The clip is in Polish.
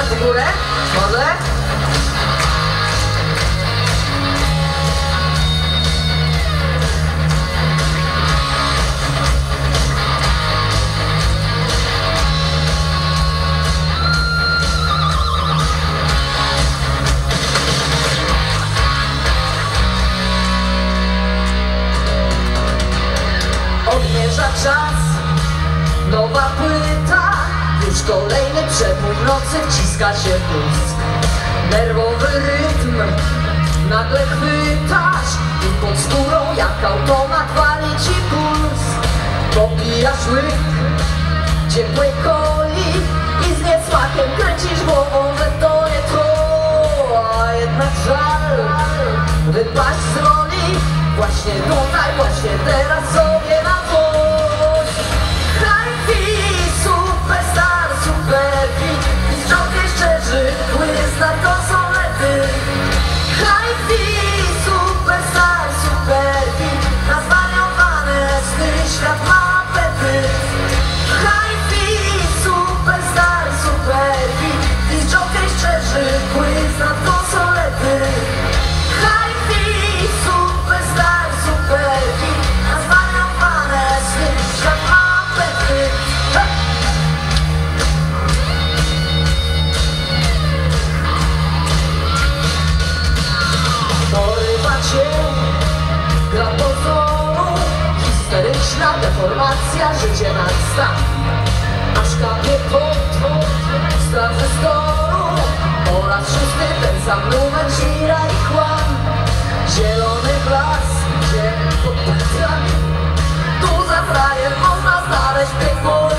tak w górę? Może? Odmierza czas, nowa płyta już kolejny przepływ nocy wciska się w mózg Nerwowy rytm nagle chwytasz I pod skórą jak automat wali ci puls Popijasz łyk ciepłej koli I z niesmakiem kręcisz głową, że to nie to A jednak żal wypaść z roli Właśnie tutaj, właśnie teraz sobie się gra pozoru Histeryczna deformacja, życie nad stan Aż kapie potwór z tranzystoru oraz szósty ten sam numer żira i kłam Zielony blask gdzie pod Tu za frajer można znaleźć piekło